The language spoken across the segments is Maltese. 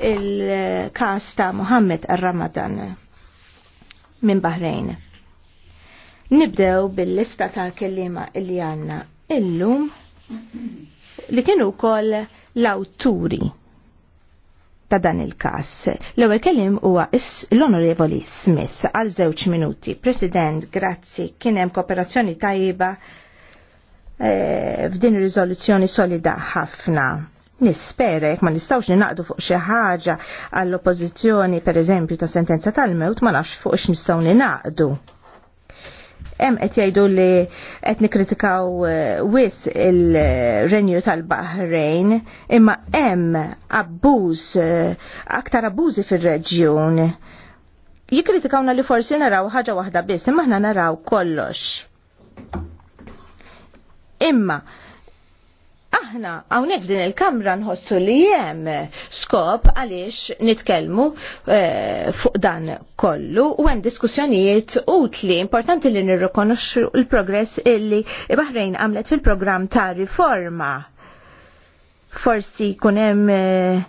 il-kas ta' Muhammad al ramadan minn Bahrejn. Nibdew bil-lista ta' kellima li għanna illum li kienu kol l-awturi ta' dan il-kas. L-ewwel kellim huwa l-Onorevoli Smith għal żewġ minuti. President, grazzi, kien hemm kooperazzjoni tajba eh, f'din f'din riżoluzzjoni solida ħafna nispera jekk ma nistawx ninaqdu fuq xi ħaġa għall-oppożizzjoni pereżempju ta' sentenza tal-mewt ma nafx fuq x'nistgħu ninaqdu. Hemm qed jgħidu li qed nikkritikaw eh, wis il-renju tal-Baħrejn imma hemm abbuż eh, aktar abbużi fir-reġjun. Jikkritikawna li forsi naraw ħaġa waħda biss imma aħna naraw kollox. Imma aħna hawnhekk f'din il-kamra nħossu li hemm skop għaliex nitkellmu eh, fuq dan kollu u hemm diskussjonijiet utli importanti li nirrikonoxxu l-progress illi Bahrejn għamlet fil-programm ta' riforma. Forsi kunem eh,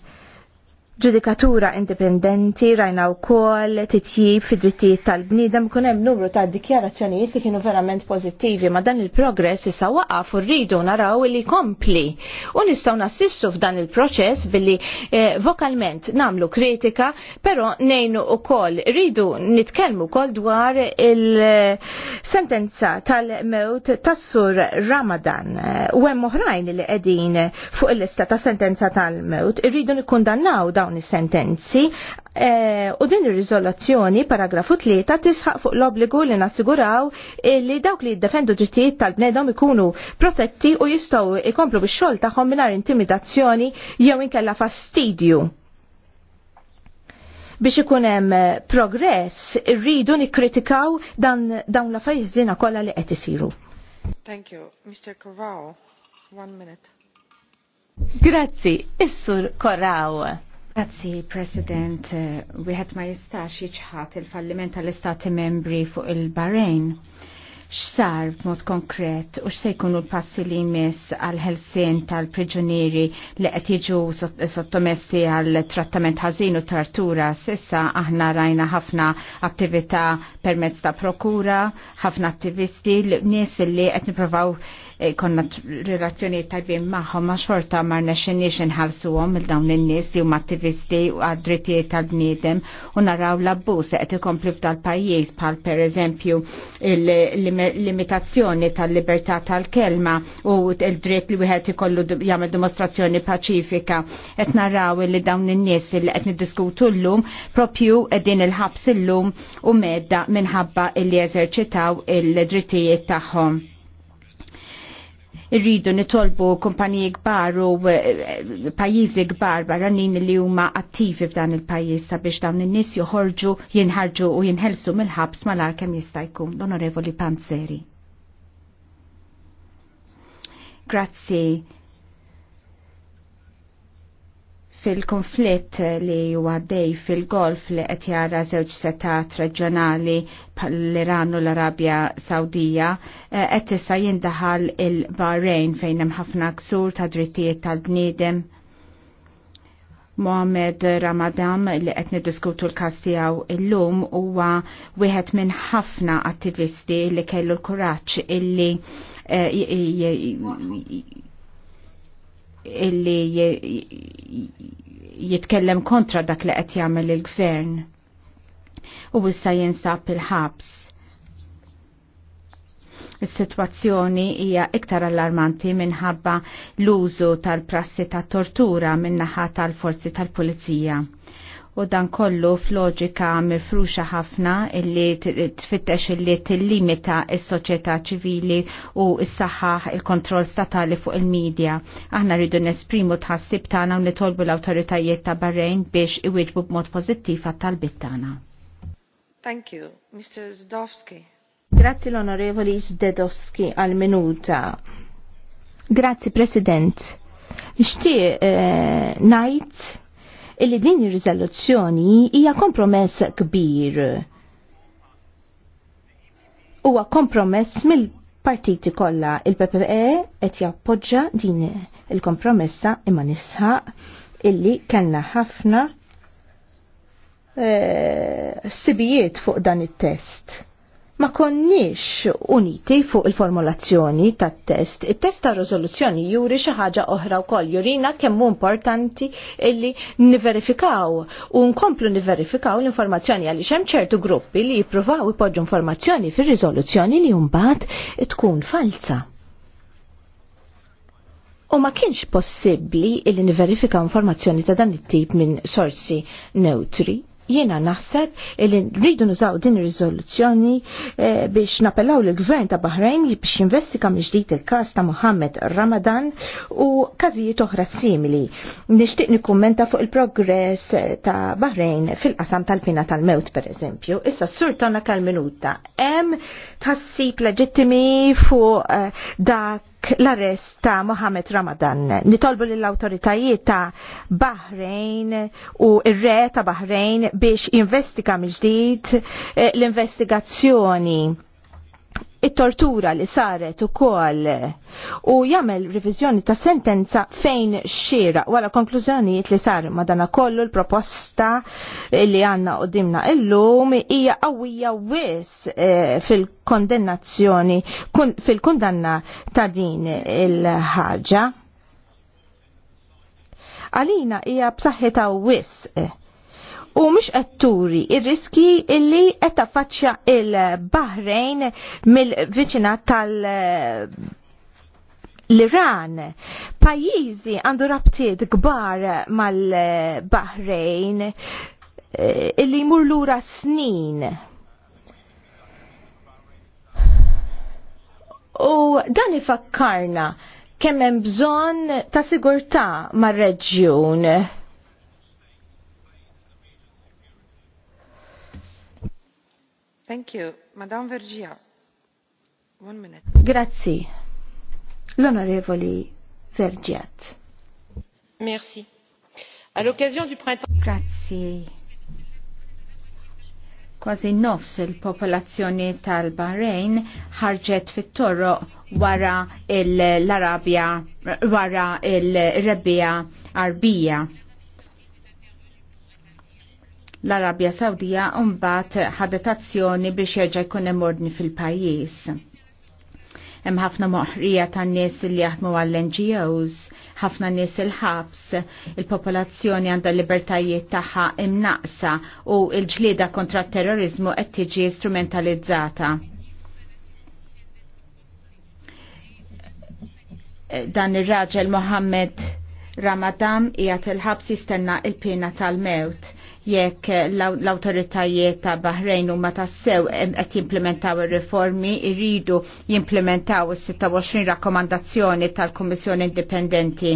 ġudikatura indipendenti rajna u kol titjib fi drittijiet tal-bnidem kun hemm numru ta' dikjarazzjonijiet li kienu verament pozittivi ma dan il-progress issa waqaf u rridu naraw li kompli u nistgħu nassissu f'dan il-proċess billi eh, vokalment namlu kritika però nejnu u kol rridu nitkellmu kol dwar il-sentenza tal-mewt tas-sur Ramadan u hemm oħrajn li qegħdin fuq il-lista ta' sentenza tal-mewt irridu nikkundannaw dawn dawn is-sentenzi e, u din ir-riżolazzjoni paragrafu 3 tisħaq fuq l-obbligu li nassiguraw li dawk li jiddefendu drittijiet tal-bnedhom ikunu protetti u jistgħu jkomplu bix-xogħol tagħhom mingħajr intimidazzjoni jew inkella fastidju biex ikun hemm progress irridu nikkritikaw dan dawn l-affarijiet żiena kollha li qed isiru. Thank you. Mr. Corrao, one minute. Grazzi, Issur Corrao. Grazzi, President. Eh, wieħed ma jistax jiċħat il-falliment tal-Istati membri fuq il-Bahrain x'sar b'mod konkret u x'se jkunu l-passi li jmiss għal ħelsien tal-priġunieri li qed jiġu sottomessi għal trattament ħażin u tartura s'issa aħna rajna ħafna attività permezz ta' prokura, ħafna attivisti, l nies li qed nippruvaw eh, konna relazzjoni tajbin magħhom, ma xorta mar nexinix nħalsu għom il-dawn in-nies li huma attivisti u għadritiet tal-bniedem u naraw l abbuż qed ikompli f'dal pajjiż bħal per eżempju li limitazzjoni tal-libertà tal-kelma u il-dritt li wieħed ikollu jagħmel dimostrazzjoni paċifika. Qed narraw li dawn in-nies li qed niddiskutu llum propju qegħdin il-ħabs illum u medda minħabba li jeżerċitaw il-drittijiet tagħhom irridu nitolbu kumpaniji kbar u eh, eh, pajjiżi kbar barranin li huma attivi f'dan il-pajjiż sabiex dawn in-nies joħorġu jinħarġu u jinħelsu mill-ħabs malar kemm jista' jkun l-Onorevoli Panzeri. Grazzi fil-konflitt li huwa dej fil-golf li qed jara żewġ setat reġjonali l-Iran u l-Arabja Sawdija eh, qed issa jindaħal il-Bahrain fejn hemm ħafna ksur ta' drittijiet tal-bniedem. Mohamed Ramadan li qed niddiskutu l-każ tiegħu illum huwa wieħed minn ħafna attivisti li kellu l-kuraġġ illi eh, illi jitkellem kontra dak li qed jagħmel il-gvern. U issa jinsab il-ħabs. Is-sitwazzjoni hija iktar allarmanti minħabba l-użu tal-prassi tat tortura min tortura min naħa tal forzi tal pulizija u dan kollu f'loġika mifruxa ħafna illi tfittex illi tillimita s-soċjetà ċivili u s-saħħaħ il-kontroll statali fuq il-medja. Aħna rridu nesprimu tħassib tagħna u nitolbu l-awtoritajiet ta' Barrejn biex iwieġbu b'mod pożittiv għat-talbit tagħna. Thank you, Mr. Zdowski. Grazzi l-Onorevoli Zdedowski għal-minuta. Grazzi, President. Nishtiq eh, najt illi din ir-riżoluzzjoni hija kompromess kbir. Huwa kompromess mill-partiti kollha il-PPE qed jappoġġa din il-kompromessa imma nisħaq illi kellna ħafna eh, sibijiet fuq dan it-test ma konniex uniti fuq il-formulazzjoni tat test. Il-test ta' rizoluzzjoni juri xi ħaġa oħra wkoll jurina kemm importanti illi niverifikaw u nkomplu niverifikaw l-informazzjoni għalli xem ċertu gruppi li jippruvaw ipoġġu informazzjoni fir rizoluzzjoni li mbagħad tkun falsa. U ma kienx possibbli illi niverifika informazzjoni ta' dan it-tip minn sorsi neutri. Jiena naħseb li rridu nużaw din ir-riżoluzzjoni eh, biex napellaw l gvern ta' li biex mi ġdid il-każ ta' Mohammed Ramadan u każijiet oħra simili. Nixtieq nikkummenta fuq il-progress ta' Bahrain fil-qasam tal-pina tal-mewt pereżempju. Issa s-sur tagħna kal-minuta hemm tassib leġittimi fuq eh, dak l-arrest ta' Mohamed Ramadan. Nitolbu l awtoritajiet ta' Bahrein u r-re ta' Bahrein biex investiga mill eh, l-investigazzjoni it-tortura li saret u kol u jamel revizjoni ta' sentenza fejn xira wara konklużjonijiet li sar madana kollu l-proposta li għanna u dimna illum hija qawwija wis eh, fil-kondennazzjoni fil-kundanna ta' din il-ħaġa. Għalina hija b'saħħitha wis. E u mhux qed turi ir-riski illi qed taffaċċja il-Baħrejn mill-viċinat tal- l-Iran. Pajjiżi għandu rabtiet kbar mal bahrejn eh, illi jmur lura snin. U dan ifakkarna kemm hemm bżonn ta' sigurtà mar-reġjun. Grazie. L'onorevole L'onorevoli Vergiat. Merci. À l'occasion du printemps... Grazie. Kważi nofs il-popolazzjoni tal-Bahrain ħarġet fit-torro wara l-Arabja, wara il-Rebbija Arbija l-Arabja Sawdija mbagħad ħadet azzjoni biex jerġa' jkun hemm fil-pajjiż. Hemm ħafna moħrija tan nies li jaħdmu għall-NGOs, ħafna nies il-ħabs, il-popolazzjoni għandha libertajiet tagħha imnaqsa u l-ġlieda kontra t terrorizmu qed tiġi strumentalizzata. dan ir-raġel Mohammed Ramadan qiegħed il-ħabs jistenna il-pena tal-mewt jekk l-autoritajiet ta' Bahrejn huma tassew qed jimplementaw ir-riformi jridu jimplementaw is-26 rakkomandazzjoni tal-Kummissjoni Indipendenti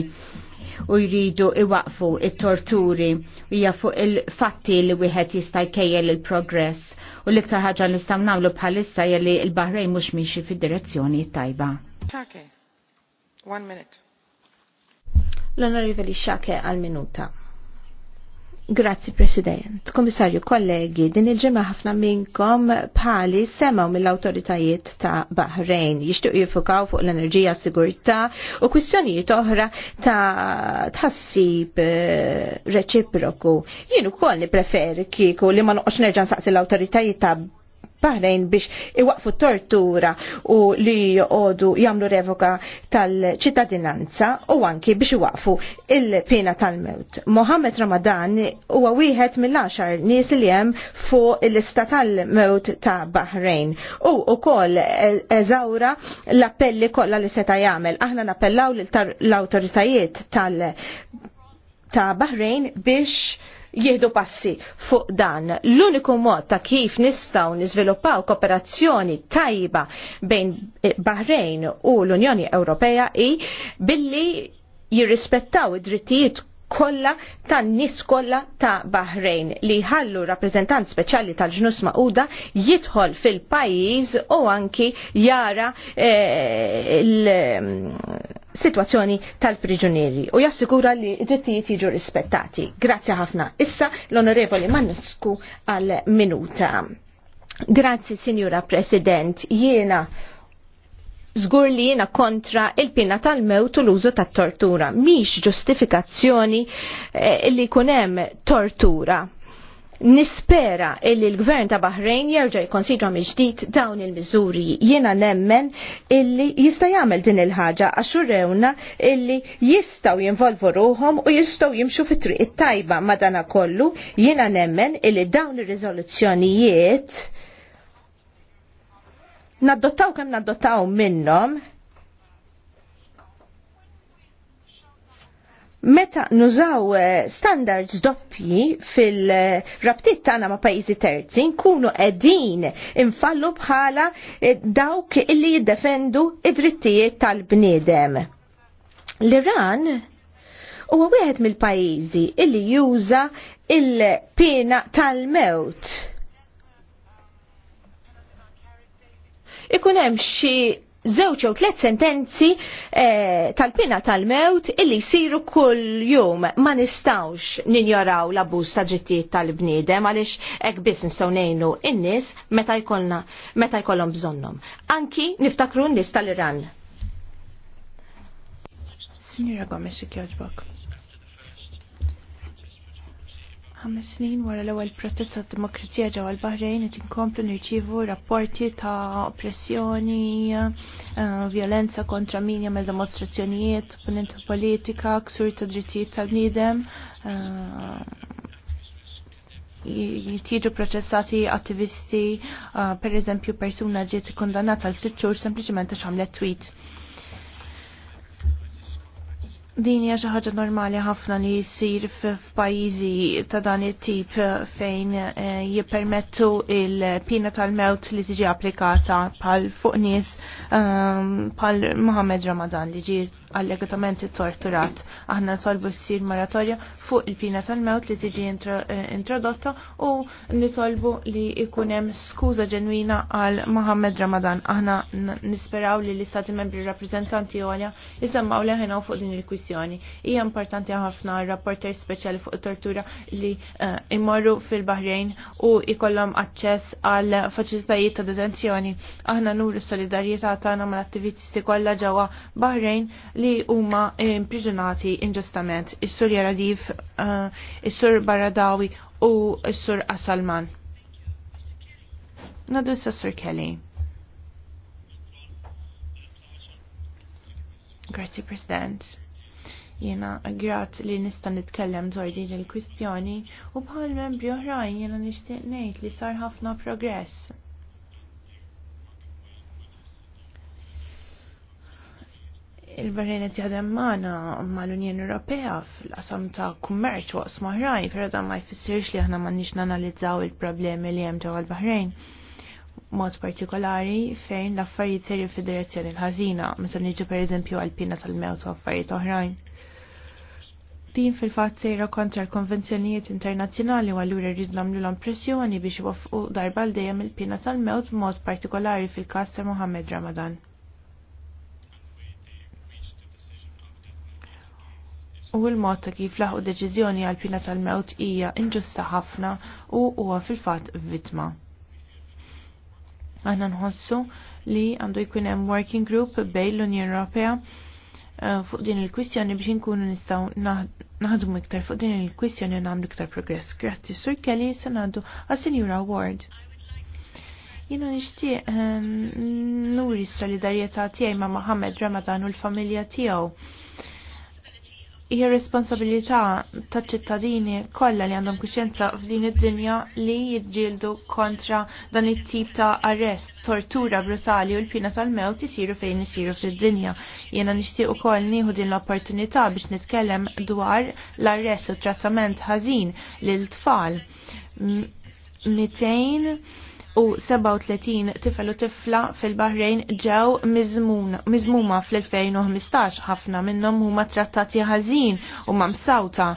u jridu iwaqfu it-torturi u jafu il-fatti li wieħed jista' jkejjel il-progress u l-iktar ħaġa li nistgħu nagħmlu bħalissa jeli l-Bahrejn mhux mixi fid-direzzjoni tajba. One minute. L-onorevoli Xake għal minuta. Grazzi President. Komissarju, kollegi, din il-ġemma ħafna minnkom bħali semaw mill-autoritajiet ta' Bahrain jixtiequ jifukaw fuq l-enerġija sigurtà u kwistjonijiet oħra ta' tħassib eh, reċiproku. Jien ukoll preferi kiku li ma noqgħodx nerġa' saqsi l-awtoritajiet ta' Bahrejn biex iwaqfu tortura u li joqogħdu jagħmlu revoka tal-ċittadinanza u anki biex iwaqfu il-pina tal-mewt. Mohammed Ramadan huwa wieħed mill-10 nies li hemm fuq il-lista tal-mewt ta' Bahrein. u wkoll eżawra l-appelli kollha li seta' jagħmel. Aħna nappellaw l-awtoritajiet tal- ta' Bahrein biex jieħdu passi fuq dan. L-uniku mod ta' kif nistaw niżviluppaw kooperazzjoni tajba bejn eh, Bahrein u l-Unjoni Ewropea i billi jirrispettaw id-drittijiet Kolla tan-nies kollha ta' Baħrejn li ħallu rappreżentant speċjali tal-ġnus Mauda jidħol fil-pajjiż u anki jara eh, il-sitwazzjoni mm, tal-priġunieri u jassikura li d-drittijiet jiġu rispettati. Grazzi ħafna. Issa l-Onorevoli Mannusku għal minuta. Grazzi, Signora President. Jiena Zgur li jena kontra il-pina tal-mewt u l-użu tat tortura Mix ġustifikazzjoni eh, li kunem tortura. Nispera illi l-gvern ta' Bahrejn jerġa' jikonsidra mill-ġdid dawn il-miżuri jiena nemmen illi jista' jagħmel din il-ħaġa għax urewna illi jistgħu jinvolvu ruhom u jistgħu jimxu fit-triq it-tajba madana kollu jiena nemmen illi dawn ir-riżoluzzjonijiet il naddottaw kem naddottaw minnom, meta nużaw eh, standards doppji fil-rabtiet tagħna ma' pajjiżi terzi nkunu qegħdin infallu bħala eh, dawk illi jiddefendu id-drittijiet tal-bniedem. L-Iran huwa wieħed mill-pajjiżi illi juża il-pena tal-mewt ikun hemm xi żewġ jew tliet sentenzi eh, tal-pina tal-mewt illi jsiru kull jum ma nistawx ninjoraw l-abbuż ta' ġittijiet tal-bniedem għaliex hekk biss nistgħu ngħinu in-nies meta jkollna meta jkollhom bżonnhom. Anki niftakru n-nies tal-Iran. Signora Gomes, jogħġbok ħames snin wara l-ewwel protesta tad demokrazija ġew l-Bahrejn qed inkomplu nirċievu rapporti ta' oppressjoni, eh, violenza kontra minja jagħmel demostrazzjonijiet opponenti politika, ksur ta' drittijiet tal-bniedem, eh, jitieġu proċessati attivisti, eh, per eżempju persuna ġiet kondannata għal sitt xhur sempliċement għax għamlet tweet Din hija xi ħaġa normali ħafna li jsir f'pajjiżi ta' dan it-tip fejn eh, jippermettu il-pina tal-mewt li tiġi applikata pal fuq nies bħal ehm, Muhammad Ramadan li ġiet allegatament torturat. Aħna nitolbu s-sir moratorja fuq il-pina tal-mewt li tiġi eh, introdotta u nitolbu li ikunem skuza ġenwina għal Mohammed Ramadan. Aħna nisperaw li l-istati membri rappresentanti għolja jisemmaw leħena fuq din il-kwistjoni. Ija importanti ħafna rapporter speċjali fuq tortura li eh, imorru fil-Bahrejn u ikollom aċċess għal faċilitajiet ta' detenzjoni. Aħna nuru solidarjetà tagħna mal-attivisti kollha ġewwa Bahrejn li huma impriġunati inġustament is-Sur Jaradiv, uh, is-Sur Baradawi u is-Sur Asalman. Nadu issa Sur Kelly. Grazie President. Jena grat li nista nitkellem dwar din il-kwistjoni u bħal membri oħrajn jena nixtieq ngħid li sar ħafna progress il-Bahrain qed jaħdem magħna mal-Unjoni Ewropea fl-qasam ta' kummerċ waqs maħraj, però dan ma jfissirx li aħna m'għandniex nanalizzaw il-problemi li hemm ġewwa l-Bahrejn mod partikolari fejn l-affarijiet serju fid-direzzjoni l-ħażina, meta niġu pereżempju għal pina tal-mewt u affarijiet oħrajn. Din fil-fatt sejra kontra l-konvenzjonijiet internazzjonali u allura rridu nagħmlu l-impressjoni biex iwaffqu darba l dejjem il-pina tal-mewt mod partikolari fil-każ ta' Mohammed Ramadan. u l-mod ta' kif laħu deċiżjoni għal pina tal-mewt hija inġusta ħafna u huwa fil-fatt vittma. Aħna nħossu li għandu jkun hemm working group bejn l-Unjoni Ewropea eh, fuq din il-kwistjoni biex inkunu nistgħu naħdmu iktar fuq din il-kwistjoni u nagħmlu iktar progress. Grazzi Sur Kelly se ngħaddu għas-Sinjura Award. Jiena nixtieq ehm, nuri s-solidarjetà tiegħi ma' Mohammed Ramadan u l-familja tiegħu hija responsabilità taċ ċittadini kollha li għandhom kuxjenza f'din id-dinja li jiġġieldu kontra dan it-tip ta' arrest, tortura brutali u l-pina tal-mewt isiru fejn isiru fid-dinja. Jiena nixtieq ukoll nieħu din l-opportunità biex nitkellem dwar l-arrest u trattament ħażin lil tfal. 200 u 37 tifel u tifla fil-Bahrejn ġew miżmuma fl-2015 ħafna minnhom huma trattati ħażin u ma msawta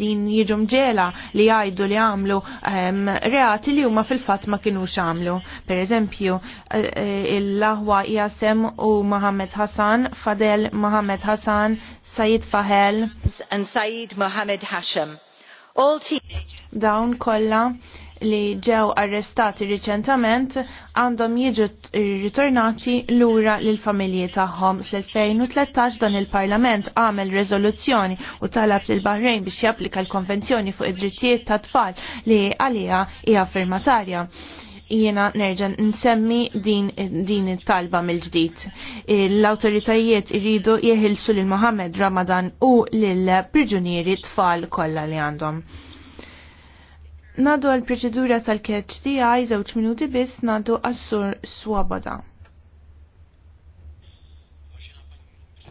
din jiġu mġela li jgħidu li għamlu ehm, reati li huma fil-fatt ma kinux għamlu. Per eżempju, e, e, il-laħwa Jasem u Mohamed Hassan, Fadel Mohamed Hassan, Said Fahel and Said Mohamed Hashem. All Dawn kolla li ġew arrestati riċentament għandhom jiġu ritornati lura lil familji tagħhom. Fl-2013 dan il-Parlament għamel rezoluzzjoni u talab lil Bahrejn biex japplika l-Konvenzjoni fuq id-drittijiet ta' tfal li għalija hija firmatarja. Jiena nerġa' nsemmi din, din it-talba mill-ġdid. L-awtoritajiet iridu jeħilsu lil Mohammed Ramadan u lil priġunieri tfal kollha li għandhom. Nadu għal-proċedura tal-catch di għaj zewċ minuti bis nadu għassur swabada.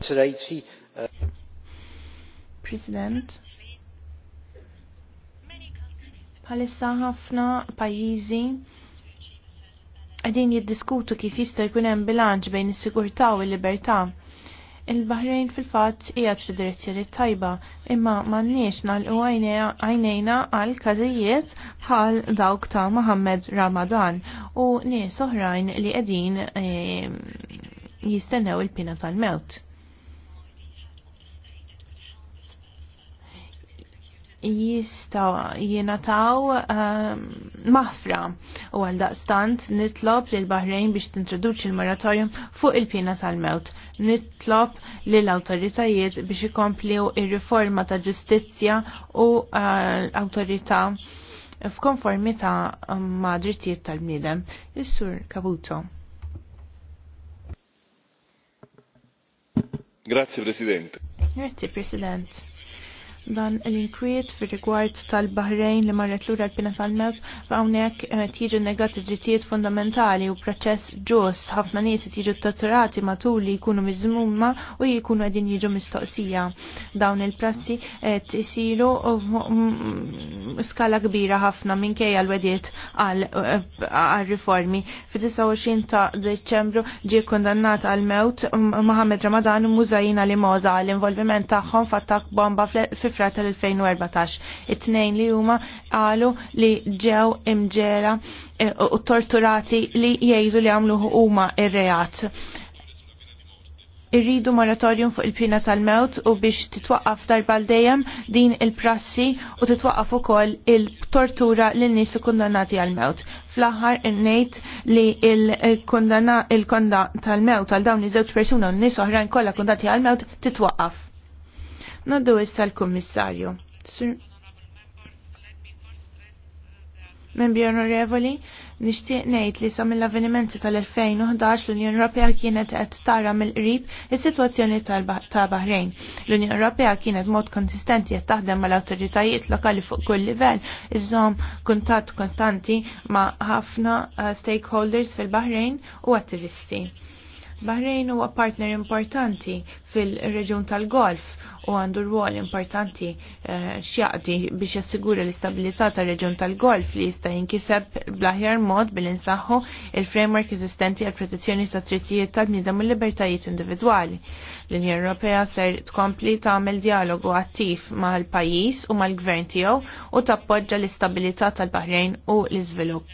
Uh, President, palissa ħafna pajizi għedin jiddiskutu kif jista' jkun hemm bilanċ bejn is-sigurtà u l-libertà Il-Bahrejn fil-fatt hija fid-direzzjoni tajba, imma m'għandniex nagħlqu għajnejna għal każijiet bħal dawk ta' Mohammed Ramadan u nies oħrajn li qegħdin eh, jistennew il-pina tal-mewt. jistaw jenataw ehm, mafra u għal daqstant nitlob li l-Bahrejn biex t-introduċi l-moratorium fuq il-pina tal-mewt. Nitlob li l-autoritajiet biex ikompliw ir-riforma ta' ġustizzja u uh, eh, l-autorità f'konformità ma' drittijiet tal-bniedem. Is-sur Kabuto. Grazie Presidente. Grazie Presidente dan l-inkwiet fir rigward tal-Bahrejn li marret lura l-pina tal-mewt f'hawnhekk tiġi negati drittijiet fundamentali u proċess ġust ħafna nies tiġu torturati matul li jkunu miżmuma u jkunu qegħdin jiġu mistoqsija. Dawn il-prassi qed isiru skala kbira ħafna minkejja l-wediet għal-riformi. Fi-29 ta' Deċembru ġie kondannat għal-mewt Muhammad Ramadan u Muzajina Limoza għal involviment tagħhom f'attak bomba fl fi tal-2014. It-tnejn li huma qalu li ġew imġela eh, u torturati li jgħidu li għamlu huma ir-reat irridu moratorium fuq il-pina tal-mewt u biex titwaqqaf darba l-dejjem din il-prassi u titwaqqaf ukoll il-tortura l nies kondannati għal-mewt. Fl-aħħar innejt li il-kondanna il-konda tal-mewt għal dawn iż-żewġ persuna u n-nies oħrajn kollha kundati għal-mewt titwaqqaf. Naddu issa l-Kummissarju. Membri onorevoli, nixtieq ngħid li sa mill-avvenimenti tal-2011 l-Unjoni Europea kienet qed tara mill-qrib is-sitwazzjoni ta' Bahrejn. L-Unjoni Europea kienet mod konsistenti qed taħdem mal-awtoritajiet lokali fuq kull livell, iżżomm kuntatt konstanti ma' ħafna eh, stakeholders fil bahrejn u attivisti. Bahrejn huwa partner importanti fil-reġjun tal-Golf u għandu rwol importanti eh, xjaqdi biex jassigura l-istabilità tar reġun tal-golf li jista' jinkiseb blaħjar mod bil-insaħħu il-framework eżistenti għal protezzjoni ta' trittijiet tal-bniedem u libertajiet individwali. L-Unjoni Ewropea ser tkompli tagħmel dialogu attiv mal-pajjiż u mal-gvern tiegħu u tappoġġa l-istabilità tal bahrejn u l-iżvilupp.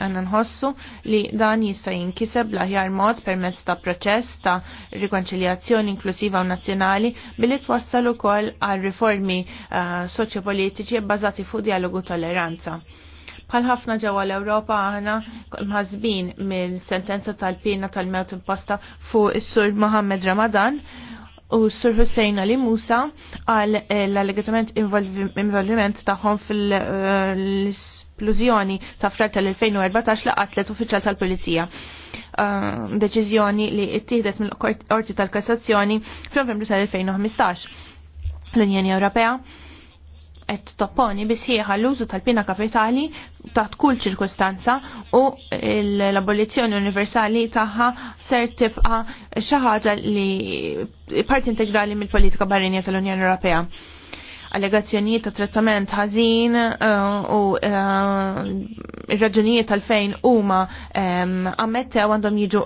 Għanna nħossu li dan jista' jinkiseb l-aħjar mod permezz ta' proċess ta' rikonċiljazzjoni inklusiva u nazzjonali billi twassal twassal ukoll għal riformi uh, soċjopolitiċi bbażati fuq dialogu tolleranza. Bħal ħafna ġewwa l-Ewropa aħna mħazbin mill-sentenza tal-pina tal-mewt imposta fuq is-Sur Mohammed Ramadan u Sur Hussein Ali Musa għal eh, l-allegatament involviment tagħhom fil eh, isplużjoni ta' frar tal-2014 laqatlet uffiċjal tal-Pulizija. Eh, deċiżjoni li ittieħdet mill-Qorti tal-Kassazzjoni f'Novembru tal-2015. L-Unjoni Ewropea qed topponi bisħieħa l-użu tal-pina kapitali taħt kull ċirkustanza u l-abolizzjoni universali tagħha ser tibqa' xi ħaġa li parti integrali mill-politika barrinja tal-Unjoni Ewropea allegazzjonijiet ta' trattament ħażin eh, u eh, ir-raġunijiet tal-fejn huma ehm, ammettew għandhom jiġu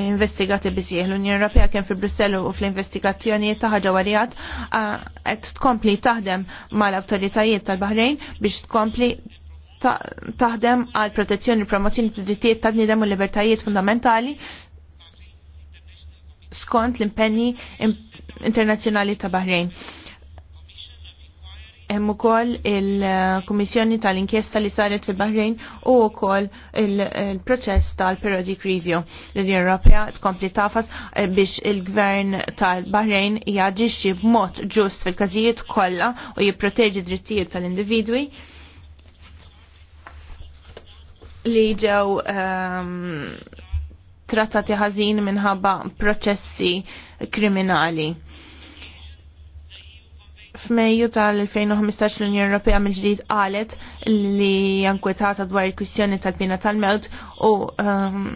investigati biżjieħ. L-Unjoni Ewropea kien fi Brussellu u fl-investigazzjonijiet ta' ħaġa warijat eh, qed tkompli taħdem mal-awtoritajiet tal-Baħrejn biex tkompli taħdem għal protezzjoni u promozzjoni tad-drittijiet ta' bniedem u libertajiet fundamentali skont l-impenni internazzjonali ta' Bahrejn hemm ukoll il-Kummissjoni tal-inkjesta li saret fil bahrejn u wkoll il-proċess tal-Periodic Review. L-Unjoni Ewropea tkompli tafas eh, biex il-Gvern tal-Bahrejn jaġixxi b'mod ġust fil-każijiet kollha u jipproteġi drittijiet tal-individwi li ġew um, trattati ħażin minħabba proċessi kriminali F'Mejju tal-2015 l-Unjoni Ewropea mill-ġdid qalet li jankwetata dwar il-kwistjoni tal-pina tal-mewt u um,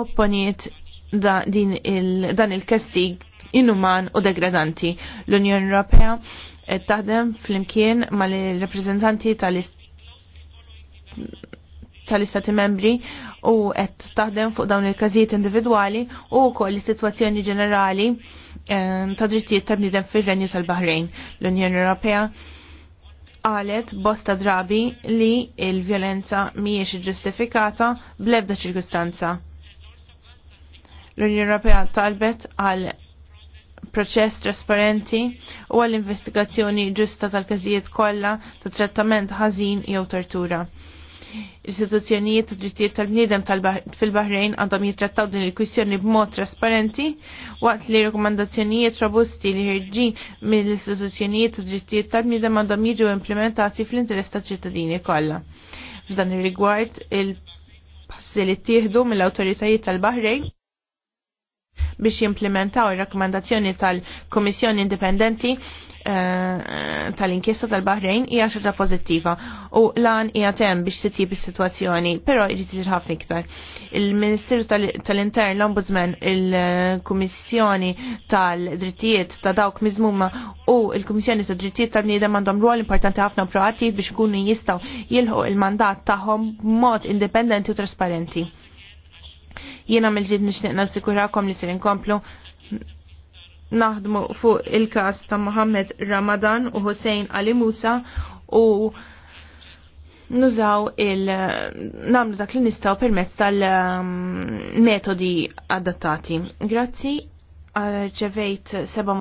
opponiet da, il, dan il kestig inuman u degradanti. L-Unjoni Ewropea taħdem fl-imkien mal-reprezentanti tal-ist tal-istati membri u qed taħdem fuq dawn il-każijiet individwali u wkoll is-sitwazzjoni ġenerali ehm, ta' drittijiet ta' bniedem fir-Renju tal bahrejn L-Unjoni Ewropea qalet bosta drabi li il-vjolenza mhijiex ġustifikata bl-ebda ċirkustanza. L-Unjoni Ewropea talbet għal proċess trasparenti u għall investigazzjoni ġusta tal-każijiet kollha ta' trattament ħażin jew tortura. Istituzzjonijiet u drittijiet tal-bniedem fil-Bahrejn għandhom jitrattaw din il-kwistjoni b'mod trasparenti waqt li rekomandazzjonijiet robusti li ħirġin mill-istituzzjonijiet u drittijiet tal-bniedem għandhom jiġu implementati fl-interess tal-ċittadini kollha. F'dan ir-rigward il-passi li tieħdu mill-awtoritajiet tal-Bahrejn biex jimplementaw ir-rakkomandazzjoni tal-Komissjoni Indipendenti eh, tal-inkjesta tal-Bahrejn hija xaġa pożittiva u lan hija tem biex titjib is-sitwazzjoni, però jrid isir ħafna iktar. Il-Ministeru tal-Intern, l-Ombudsman, il-Kummissjoni tal-Drittijiet ta' dawk miżmuma u il-Kummissjoni tad-Drittijiet tal-Bniedem għandhom rol importanti ħafna proattiv biex ikunu jistgħu jilħu il-mandat tagħhom mod indipendenti u trasparenti. Jiena mill-ġid nixtieq nassikurakom li ser inkomplu naħdmu fuq il-każ ta' Mohammed Ramadan u Hussein Ali Musa u nużaw il namlu dak li nistgħu permezz tal-metodi adattati. Grazzi, ċevejt seba'